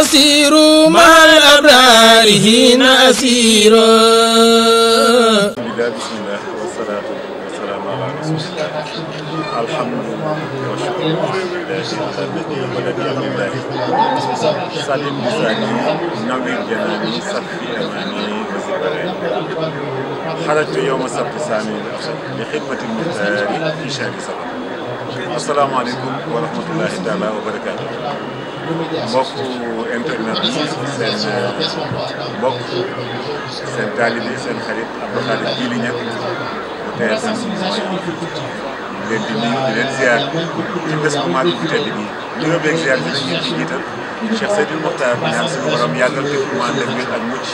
أسيروا مع الأبرار هنا أسيروا بسم الله والصلاة والسلام على رسول الله الحمد لله والشكر لله ولدي سلم لساني نوير جناني صفي أماني وزبراني حرجت يوم السبت الثاني لخدمة المختار في شهر سبت السلام عليكم ورحمة الله تعالى وبركاته mbokk internet bi seen mbokk seen taalibe seen xarit Abdou Khadre Djily Niang bu TFM ñu leen di nuyu di leen ziar ci bés bu màgg bu tedd bi nuyoo beeg ziar bi nag ñu ci Cheikh Seydil Mokhtar ñaan suñu borom yàggal ko fi mu ànd ak wér ak mucc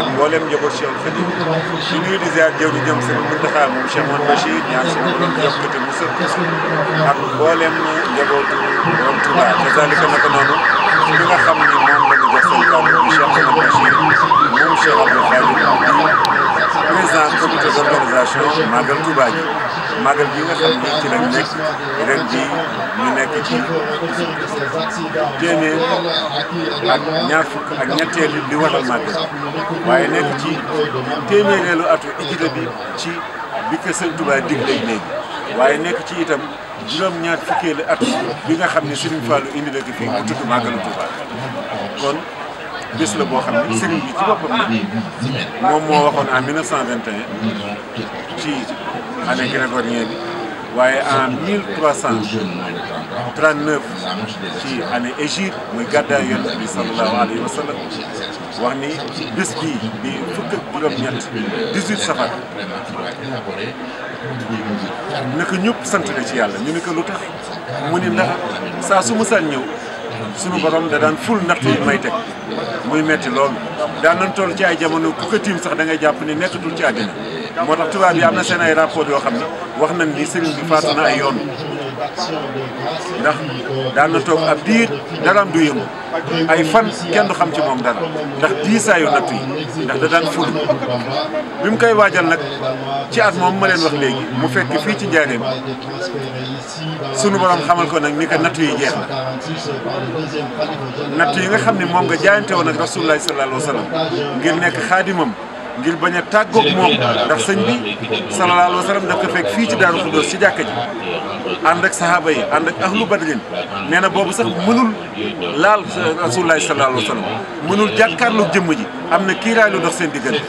ak mboolem njaboot Cheikh Fadi di nuyu di ziar jëw di jëm sëñ Mountakha moom Cheikh Mouhamed Bachir ñaan suñu borom yokkute mu sëkk ak mboolem njabootu borom Touba kazalika naka noonu li nga xam ni moom la ñu jox seen kàddu Cheikh Mouhamed Bachir moom Cheikh organisation Magal Touba ji Magal gi nga xam ni ci lañ nekk ren jii ñu nekk ci téeméer ak ñaar fukk ak ñetteelu li waral Magal waaye nekk ci téeméereelu atu équité bi ci bi ko sëñ Touba léegi waaye nekk ci itam juróom-ñaar fukkeelu at bi nga xam ne Serigne Fallou indi la ko fii mu kon. bis la boo xam ne sëriñ bi ci boppam ah. moom moo waxoon en 1921 ci année grégorienne bi waaye en 1339 ci année hégire muy gadda yonent bi sallallahu alayhi wa sallam wax ni bis bii bi fukk ak juróom-ñett 18 safar naka ñëpp sant na ci yàlla ñu ne ko lu tax mu ni ndax saa su musaan ñëw. suñu borom da daan ful natt yi may teg muy metti loolu daan nañ ci ay jamono ku ko tiim sax da ngay jàpp ni nekkatul ci àddina moo tax tubaab yi am na seen ay rapport yoo xam ne wax nañ ni sëriñ bi faatu na ay yoon ndax daan na toog ab diir daraam du yëngu ay fan kenn du xam ci moom dara ndax diisaayu natt yi ndax da daan fulu bi mu koy waajal nag ci at moom ma leen wax léegi mu fekk fii ci njaareem sunu borom xamal ko nag ni ko natt yi jeex na natt yi nga xam ni moom nga jaayante woon ak rasulullahi sallallahu alayhi wa sallam ngir nekk xaadimam ngir bañ a tàggoog moom ndax sëñ bi sallallahu alayhi wa ko fekk fii ci Daaru Xuddoos ci jàkka ji ànd ak sahaaba yi ànd ak ahlu badrin nee na boobu sax mënul laal rasulullahi sallallahu alayhi wa sallam mënul jëmm ji am na kiiraay lu dox seen diggante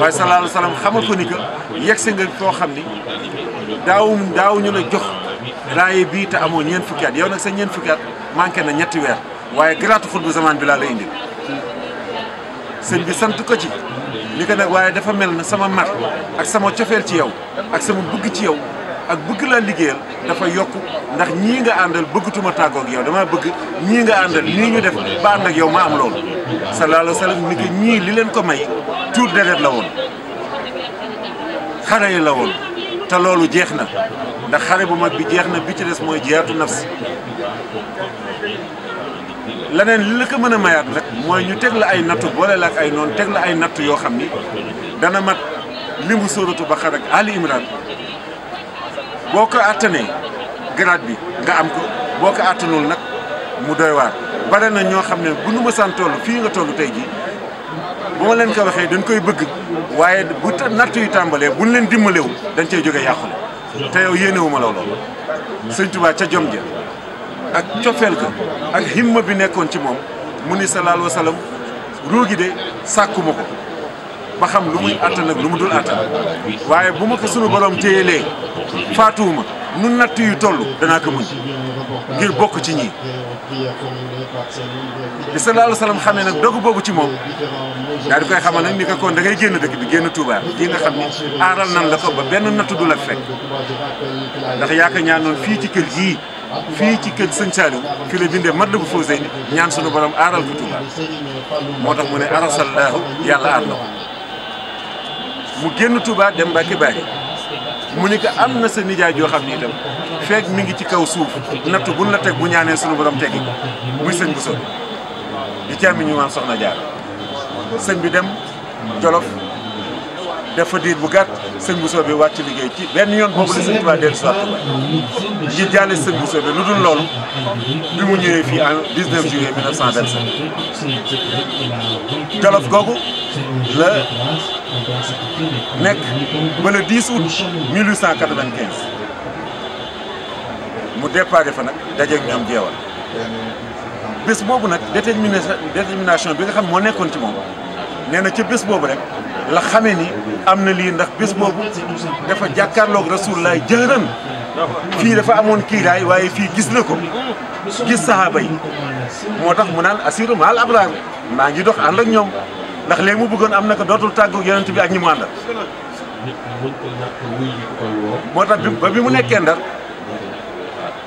waaye sallallahu alayhi xamal ko ni que yegg nga foo xam ni daawum daawuñu la jox raaye bii te amoo ñeent fukki at yow nag sa ñeent fukki at na ñetti weer waaye garaatu xutbu zamaan bi laa la bi sant ko li ko nag waaye dafa mel na sama mar ak sama cofeel ci yow ak sama bugg ci yow ak bugg laa liggéeyal dafa yokk ndax ñii nga àndal bëggatuma tàggoo ak yow dama bëgg ñii nga àndal nii ñu def ba ànd ak yow ma am loolu sallallahu alayhi wa sallam ni ñii li leen ko may tuur deret la woon xare yi la woon te loolu jeex na ndax xare bu mag bi jeex na bi ci des mooy jihaatu nafs leneen li la ko mën a mayaat nag mooy ñu teg la ay nattu boole la ak ay noon teg la ay nattu yoo xam ni dana mat limbu sóoratu Baqara ak Ali Imran boo ko attanee grade bi nga am ko boo ko attanul nag mu doy waar bare na ñoo xam ne bu nu ma saan toll fii nga toll tey jii bu ma leen ko waxee dañ koy bëgg waaye bu nattu yu tàmbalee buñ leen dimbalewu dañ cey jóge yàqule te yow yéenewuma la sëñ Tuubaa ca jom ja ak cofeel ga ak himma bi nekkoon ci moom mu ni sallallahu alayhi wa ruugi de sàkkuma ko ba xam lu muy àttan ak lu mu dul àttan waaye bu ma ko sunu borom téyelee faatuwuma nu natt yu toll danaa ko muñ ngir bokk ci ñii bi sallallahu xam wa sallam xamee nag dogu boobu ci moom daa di koy xamal nag ni ko kon da ngay génn dëkk bi génn Touba gi nga xam ni aaral nan la ko ba benn nattu du la fekk ndax yaa ñaanoon fii ci kër gii fii ci kër sëñ Saliou fi bindee mat la bu ñaan sunu borom aaral ko Touba moo tax mu ne arasallaahu yàlla aar mu génn Touba dem Mbàkke Baari mu ni ko am na sa joo xam ne itam feeg mi ngi ci kaw suuf nattu buñ la teg bu ñaanee sunu borom teggi muy sëñ bu soobee di càmmiñu maam soxna jaar sëñ bi dem Jolof def fa bu gàtt sëñ Bousso bi wàcc liggéey ci benn yoon boobu la sëñ Tuubaa dellu si waat Tuubaa bi lu dul loolu bi mu ñëwee fii en 19 juillet 1927 Jolof googu la nekk ba le 10 août 1895 mu déparé fa nag dajeeg ñoom jeewal bés boobu nag détermination détermination bi nga xam moo nekkoon ci moom nee na ca bés boobu rek لخميني أمن لي نخ بس بوب دفع جاكر لوك رسول الله جهرن في دفع أمون كيراي واي في جسلكم جس صحابي موتاخ منال أسير مال أبرار ما عندك عندك يوم نخ ليمو بكون أمنا كدور تلتاقو جهرن تبي أجني مانا موتاخ ببي منا كندر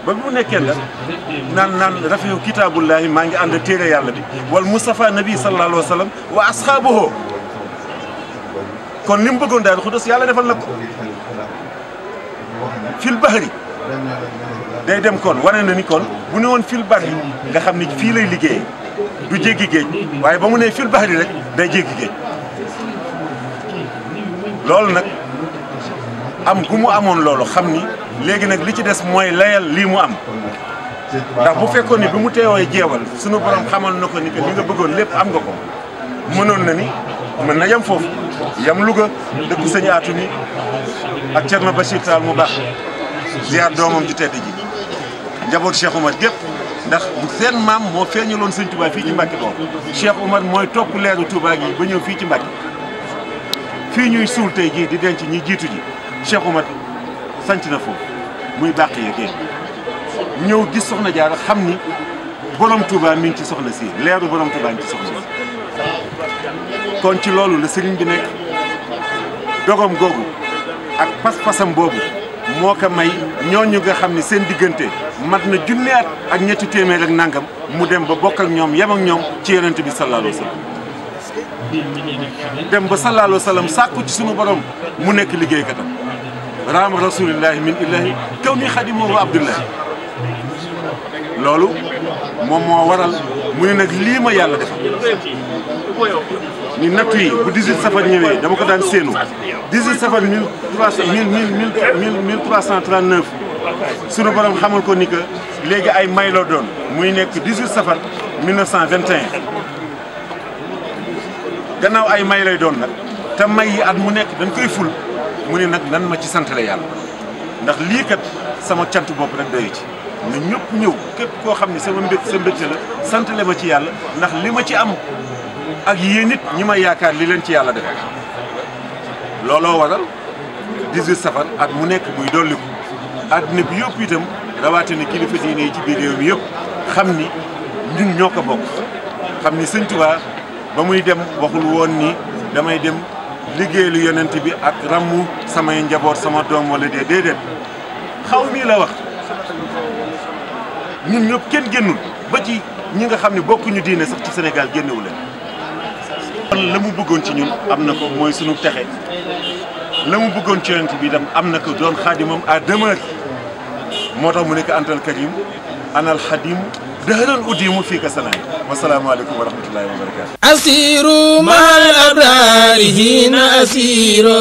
babu nekkel nan nan rafiu kitabullahi mangi ande tere yalla bi wal mustafa nabi sallallahu alaihi wasallam wa ashabuhu kon li mu bëggoon daal xudus yàlla defal na ko fil bahri day dem koon wane na ni kon bu ne woon fil bahri nga xam ni fii lay liggéeyee du jéggi géej waaye ba mu nee fil bahri rek day jéggi géej loolu nag am gu mu amoon loolu xam ni léegi nag li ci des mooy layal lii mu am ndax bu fekkoon ni bi mu teewee jeewal sunu borom xamal na ko ni que li nga bëggoon lépp am nga ko mënoon na ni mën na yem foofu yam Louga dëkku sëñ Atou mi ak Thierno Bachir Tall mu baax ziar doomam ju tedd ji njaboot Cheikh Oumar gépp ndax seen maam moo feeñaloon sëñ Touba fii ci Mbacke boom Cheikh Oumar mooy topp leeru Touba gi ba ñëw fii ci Mbacke fii ñuy suul tey jii di denc ñi jiitu ji Cheikh Oumar sanc na foofu muy bàq yeeg ñëw gis soxna Jaara xam ni borom Touba mi ngi ci soxna si leeru borom Touba mi ci soxna si kon ci loolu la sëriñ bi nekk. dogom googu ak pas-pasam boobu moo ko may ñooñu nga xam ni seen diggante mat na junni ak ñetti téeméer ak nangam mu dem ba bokk ak ñoom yem ak ñoom ci yonent bi sallallahu dem ba sallallahu alayhi wa sàkku ci suñu borom mu nekk liggéeykatam raama rasulillahi min illahi kaw ni xadimuhu abdullahi loolu moom moo waral mu ne nag lii ma yàlla defal ni nattu yi bu 18 safar ñëwee dama ko daan séenu 18 safar 1339 sunu borom xamal ko ni que léegi ay may la doon muy nekk 18 safar 1921 gannaaw ay may lay doon nag te may yi at mu nekk dañ koy ful mu ne nag nan ma ci santale yàlla ndax lii sama cant bopp rek doyu ci na ñëpp ñëw képp koo xam ne sama mbég sa mbégte la sant le ma ci yàlla ndax li ma ci am ak yéen nit ñi ma yaakaar li leen ci yàlla defal looloo waral 18 safar at mu nekk muy dolliku àddina bi yëpp itam rawatina kilifa diine yi ci biir réew mi xam ni ñun ñoo ko bokk xam ni sëñ ba muy dem waxul woon nii damay dem liggéeyalu yonent bi ak ràmmu samay njaboot sama doom wala déedéet xaw mii la wax ñun ñëpp kenn génnul ba ci ñi nga xam ne bokkuñu diine sax ci Sénégal génnewu la mu bëggoon ci ñun am na ko mooy sunu texe la mu bëggoon ci yonent bi itam am na ko doon xaadimam à moo tax mu nekk antal karim anal xadim dëhëran uddiimu fii ka sanaay wassalaamu aleykum wa rahmatullaahi wa barakaatu asiiru mahal abraari hiina asiiro